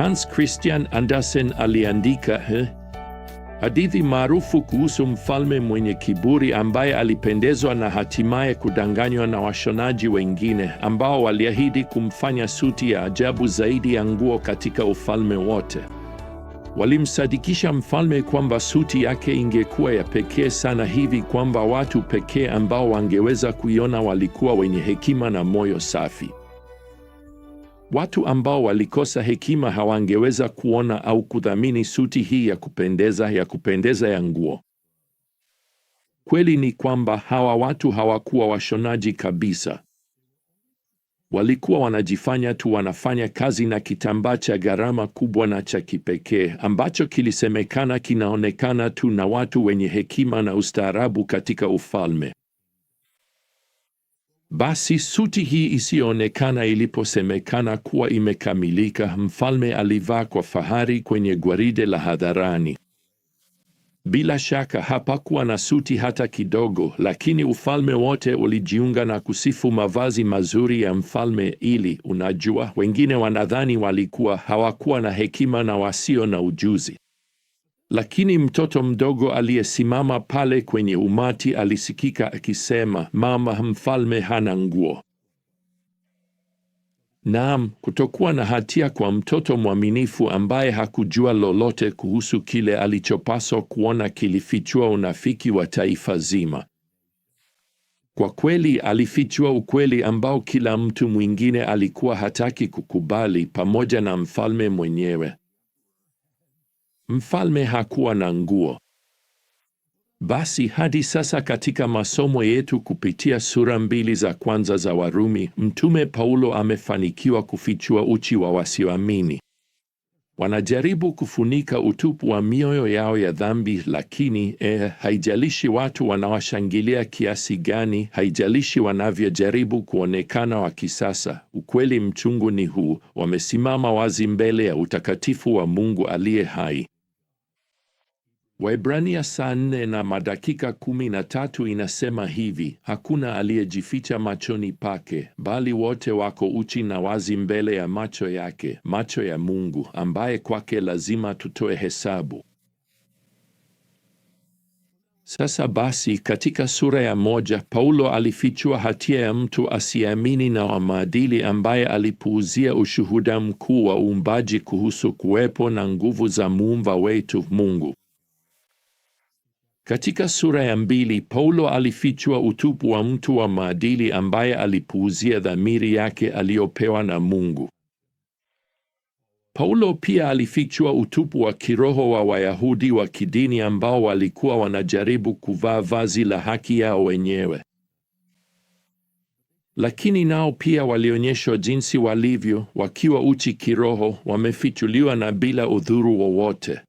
Hans Christian Andersen aliandika he? hadithi maarufu kuhusu mfalme mwenye kiburi ambaye alipendezwa na hatimaye kudanganywa na washonaji wengine ambao waliahidi kumfanya suti ya ajabu zaidi ya nguo katika ufalme wote. Walimsadikisha mfalme kwamba suti yake ingekuwa ya pekee sana hivi kwamba watu pekee ambao wangeweza kuiona walikuwa wenye hekima na moyo safi. Watu ambao walikosa hekima hawangeweza kuona au kudhamini suti hii ya kupendeza ya kupendeza ya nguo. Kweli ni kwamba hawa watu hawakuwa washonaji kabisa. Walikuwa wanajifanya tu wanafanya kazi na kitambaa cha gharama kubwa na cha kipekee ambacho kilisemekana kinaonekana tu na watu wenye hekima na ustaarabu katika ufalme. Basi suti hii isiyoonekana iliposemekana kuwa imekamilika, mfalme alivaa kwa fahari kwenye gwaride la hadharani. Bila shaka hapakuwa na suti hata kidogo, lakini ufalme wote ulijiunga na kusifu mavazi mazuri ya mfalme, ili unajua, wengine wanadhani walikuwa hawakuwa na hekima na wasio na ujuzi. Lakini mtoto mdogo aliyesimama pale kwenye umati alisikika akisema, mama, mfalme hana nguo. Naam, kutokuwa na hatia kwa mtoto mwaminifu ambaye hakujua lolote kuhusu kile alichopaswa kuona kilifichua unafiki wa taifa zima. Kwa kweli, alifichua ukweli ambao kila mtu mwingine alikuwa hataki kukubali, pamoja na mfalme mwenyewe. Mfalme hakuwa na nguo. Basi hadi sasa katika masomo yetu kupitia sura mbili za kwanza za Warumi, Mtume Paulo amefanikiwa kufichua uchi wa wasioamini. Wanajaribu kufunika utupu wa mioyo yao ya dhambi, lakini eh, haijalishi watu wanawashangilia kiasi gani, haijalishi wanavyojaribu kuonekana wa kisasa, ukweli mchungu ni huu: wamesimama wazi mbele ya utakatifu wa Mungu aliye hai. Waebrania saa nne na madakika kumi na tatu inasema hivi: hakuna aliyejificha machoni pake, bali wote wako uchi na wazi mbele ya macho yake, macho ya Mungu ambaye kwake lazima tutoe hesabu. Sasa basi, katika sura ya moja Paulo alifichua hatia ya mtu asiyeamini na wa maadili ambaye alipuuzia ushuhuda mkuu wa uumbaji kuhusu kuwepo na nguvu za muumba wetu Mungu. Katika sura ya mbili Paulo alifichua utupu wa mtu wa maadili ambaye alipuuzia dhamiri yake aliyopewa na Mungu. Paulo pia alifichua utupu wa kiroho wa Wayahudi wa kidini ambao walikuwa wanajaribu kuvaa vazi la haki yao wenyewe, lakini nao pia walionyeshwa jinsi walivyo wakiwa uchi kiroho, wamefichuliwa na bila udhuru wowote.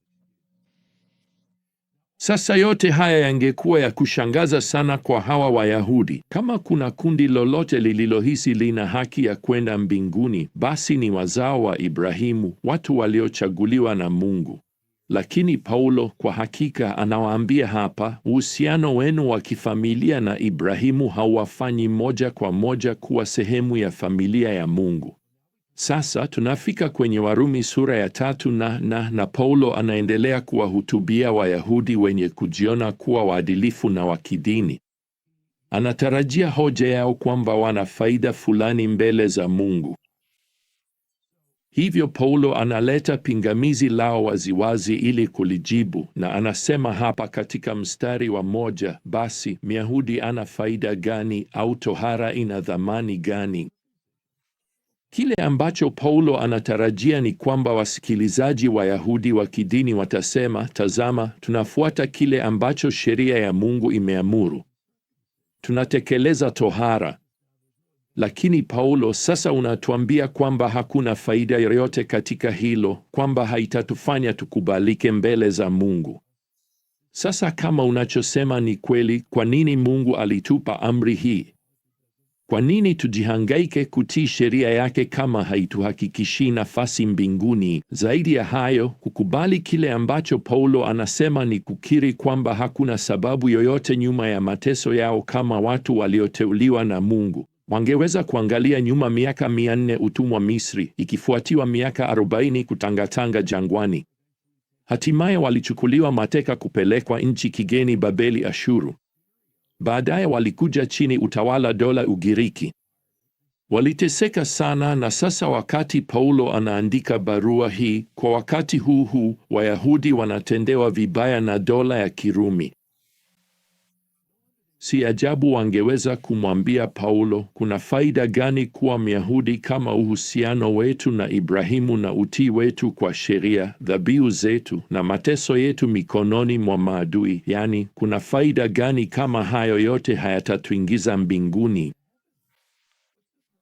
Sasa yote haya yangekuwa ya kushangaza sana kwa hawa Wayahudi. Kama kuna kundi lolote lililohisi lina haki ya kwenda mbinguni, basi ni wazao wa Ibrahimu, watu waliochaguliwa na Mungu. Lakini Paulo kwa hakika anawaambia hapa, uhusiano wenu wa kifamilia na Ibrahimu hauwafanyi moja kwa moja kuwa sehemu ya familia ya Mungu. Sasa tunafika kwenye Warumi sura ya tatu na, na, na Paulo anaendelea kuwahutubia Wayahudi wenye kujiona kuwa waadilifu na wa kidini. Anatarajia hoja yao kwamba wana faida fulani mbele za Mungu. Hivyo Paulo analeta pingamizi lao waziwazi ili kulijibu, na anasema hapa katika mstari wa moja, basi Myahudi ana faida gani? Au tohara ina dhamani gani? Kile ambacho Paulo anatarajia ni kwamba wasikilizaji Wayahudi wa kidini watasema, tazama, tunafuata kile ambacho sheria ya Mungu imeamuru, tunatekeleza tohara. Lakini Paulo sasa unatuambia kwamba hakuna faida yoyote katika hilo, kwamba haitatufanya tukubalike mbele za Mungu. Sasa kama unachosema ni kweli, kwa nini Mungu alitupa amri hii? Kwa nini tujihangaike kutii sheria yake kama haituhakikishi nafasi mbinguni? Zaidi ya hayo, kukubali kile ambacho Paulo anasema ni kukiri kwamba hakuna sababu yoyote nyuma ya mateso yao. Kama watu walioteuliwa na Mungu wangeweza kuangalia nyuma miaka mia nne utumwa Misri, ikifuatiwa miaka arobaini kutangatanga jangwani. Hatimaye walichukuliwa mateka kupelekwa nchi kigeni Babeli, Ashuru. Baadaye walikuja chini utawala dola Ugiriki. Waliteseka sana na sasa wakati Paulo anaandika barua hii, kwa wakati huu huu Wayahudi wanatendewa vibaya na dola ya Kirumi. Si ajabu wangeweza kumwambia Paulo, kuna faida gani kuwa Myahudi kama uhusiano wetu na Ibrahimu na utii wetu kwa sheria, dhabihu zetu na mateso yetu mikononi mwa maadui? Yaani, kuna faida gani kama hayo yote hayatatuingiza mbinguni?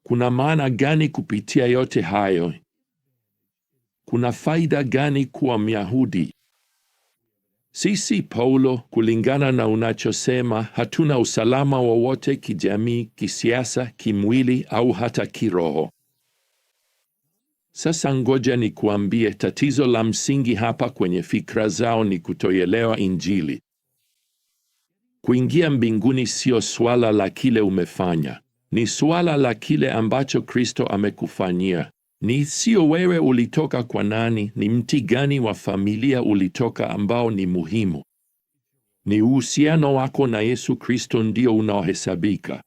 Kuna maana gani kupitia yote hayo? Kuna faida gani kuwa Myahudi? Sisi Paulo, kulingana na unachosema, hatuna usalama wowote kijamii, kisiasa, kimwili au hata kiroho. Sasa ngoja nikuambie, tatizo la msingi hapa kwenye fikra zao ni kutoelewa Injili. Kuingia mbinguni sio suala la kile umefanya, ni suala la kile ambacho Kristo amekufanyia. Ni sio wewe ulitoka kwa nani, ni mti gani wa familia ulitoka ambao ni muhimu. Ni uhusiano wako na Yesu Kristo ndio unaohesabika.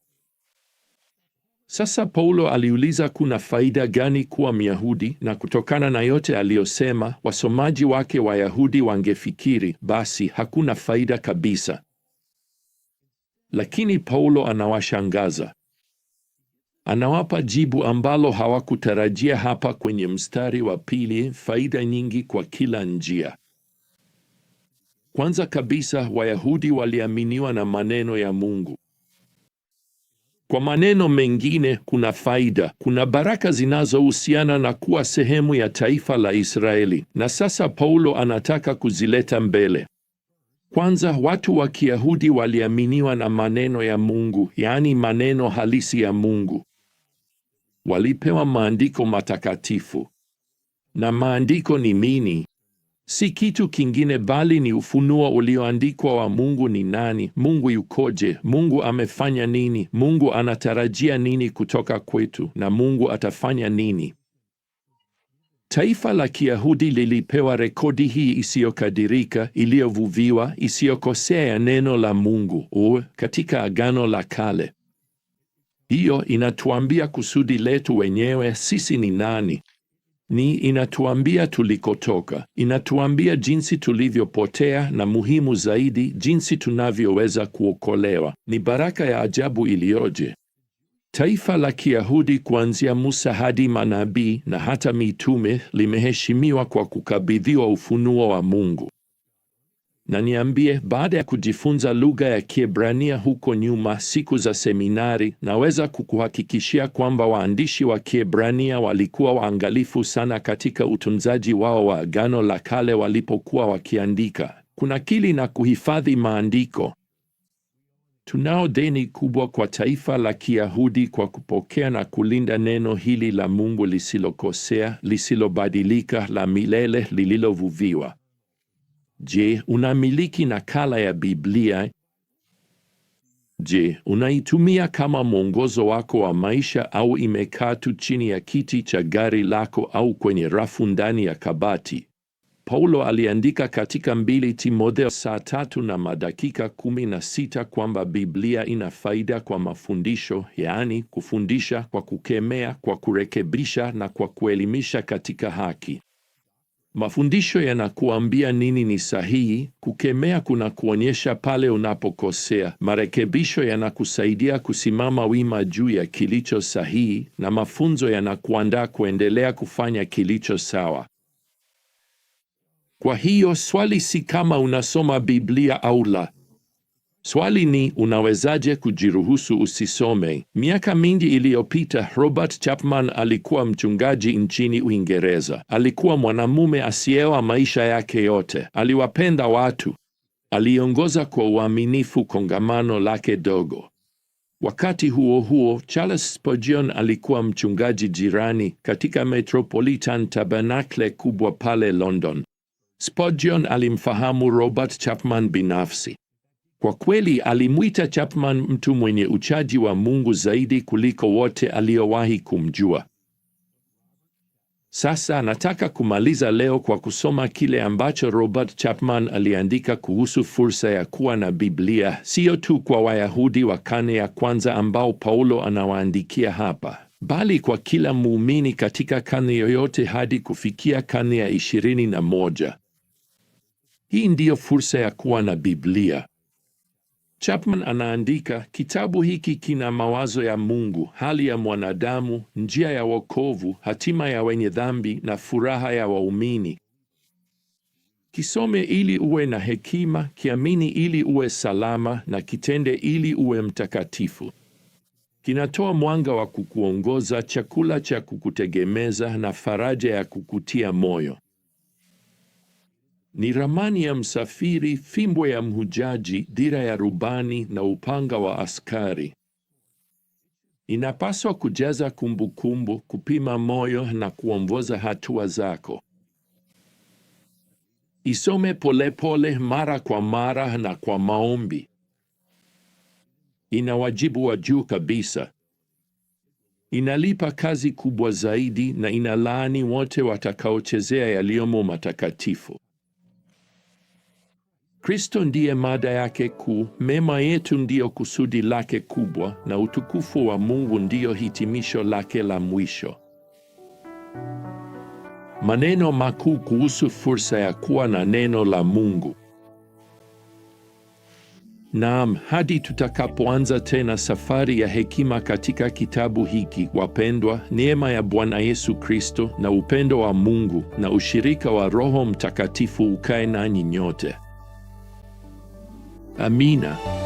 Sasa Paulo aliuliza kuna faida gani kuwa Myahudi, na kutokana na yote aliyosema, wasomaji wake Wayahudi wangefikiri basi hakuna faida kabisa. Lakini Paulo anawashangaza. Anawapa jibu ambalo hawakutarajia hapa kwenye mstari wa pili: faida nyingi kwa kila njia. Kwanza kabisa, Wayahudi waliaminiwa na maneno ya Mungu. Kwa maneno mengine, kuna faida, kuna baraka zinazohusiana na kuwa sehemu ya taifa la Israeli, na sasa Paulo anataka kuzileta mbele. Kwanza, watu wa Kiyahudi waliaminiwa na maneno ya Mungu, yaani maneno halisi ya Mungu walipewa maandiko matakatifu. Na maandiko ni nini? Si kitu kingine bali ni ufunuo ulioandikwa wa Mungu ni nani, Mungu yukoje, Mungu amefanya nini, Mungu anatarajia nini kutoka kwetu, na Mungu atafanya nini. Taifa la Kiyahudi lilipewa rekodi hii isiyokadirika, iliyovuviwa, isiyokosea ya neno la Mungu u katika Agano la Kale hiyo inatuambia kusudi letu wenyewe, sisi ni nani ni inatuambia tulikotoka, inatuambia jinsi tulivyopotea, na muhimu zaidi, jinsi tunavyoweza kuokolewa. Ni baraka ya ajabu iliyoje! Taifa la Kiyahudi kuanzia Musa hadi manabii na hata mitume limeheshimiwa kwa kukabidhiwa ufunuo wa Mungu na niambie, baada ya kujifunza lugha ya Kiebrania huko nyuma, siku za seminari, naweza kukuhakikishia kwamba waandishi wa Kiebrania walikuwa waangalifu sana katika utunzaji wao wa Agano la Kale walipokuwa wakiandika, kunakili na kuhifadhi maandiko. Tunao deni kubwa kwa taifa la Kiyahudi kwa kupokea na kulinda neno hili la Mungu lisilokosea, lisilobadilika, la milele, lililovuviwa Je, unamiliki nakala ya Biblia? Je, unaitumia kama mwongozo wako wa maisha au imekaa tu chini ya kiti cha gari lako au kwenye rafu ndani ya kabati? Paulo aliandika katika mbili Timotheo saa tatu na madakika kumi na sita kwamba Biblia ina faida kwa mafundisho, yaani kufundisha, kwa kukemea, kwa kurekebisha na kwa kuelimisha katika haki, Mafundisho yanakuambia nini ni sahihi. Kukemea kuna kuonyesha pale unapokosea. Marekebisho yanakusaidia kusimama wima juu ya kilicho sahihi, na mafunzo yanakuandaa kuendelea kufanya kilicho sawa. Kwa hiyo swali si kama unasoma Biblia au la. Swali ni unawezaje kujiruhusu usisome? Miaka mingi iliyopita, Robert Chapman alikuwa mchungaji nchini Uingereza. Alikuwa mwanamume asiyeoa maisha yake yote. Aliwapenda watu. Aliongoza kwa uaminifu kongamano lake dogo. Wakati huo huo, Charles Spurgeon alikuwa mchungaji jirani katika Metropolitan Tabernacle kubwa pale London. Spurgeon alimfahamu Robert Chapman binafsi. Kwa kweli alimwita Chapman mtu mwenye uchaji wa Mungu zaidi kuliko wote aliyowahi kumjua. Sasa nataka kumaliza leo kwa kusoma kile ambacho Robert Chapman aliandika kuhusu fursa ya kuwa na Biblia, sio tu kwa Wayahudi wa kane ya kwanza ambao Paulo anawaandikia hapa, bali kwa kila muumini katika kane yoyote hadi kufikia kane ya ishirini na moja. Hii ndiyo fursa ya kuwa na Biblia. Chapman anaandika, kitabu hiki kina mawazo ya Mungu, hali ya mwanadamu, njia ya wokovu, hatima ya wenye dhambi na furaha ya waumini. Kisome ili uwe na hekima, kiamini ili uwe salama, na kitende ili uwe mtakatifu. Kinatoa mwanga wa kukuongoza, chakula cha kukutegemeza na faraja ya kukutia moyo. Ni ramani ya msafiri, fimbo ya mhujaji, dira ya rubani na upanga wa askari. Inapaswa kujaza kumbukumbu, kupima moyo na kuongoza hatua zako. Isome polepole, mara kwa mara na kwa maombi. Ina wajibu wa juu kabisa. Inalipa kazi kubwa zaidi na inalaani wote watakaochezea yaliyomo matakatifu. Kristo ndiye mada yake kuu. Mema yetu ndiyo kusudi lake kubwa, na utukufu wa Mungu ndiyo hitimisho lake la mwisho. Maneno makuu kuhusu fursa ya kuwa na neno la Mungu. Naam, hadi tutakapoanza tena safari ya hekima katika kitabu hiki, wapendwa, neema ya Bwana Yesu Kristo na upendo wa Mungu na ushirika wa Roho Mtakatifu ukae nanyi nyote. Amina.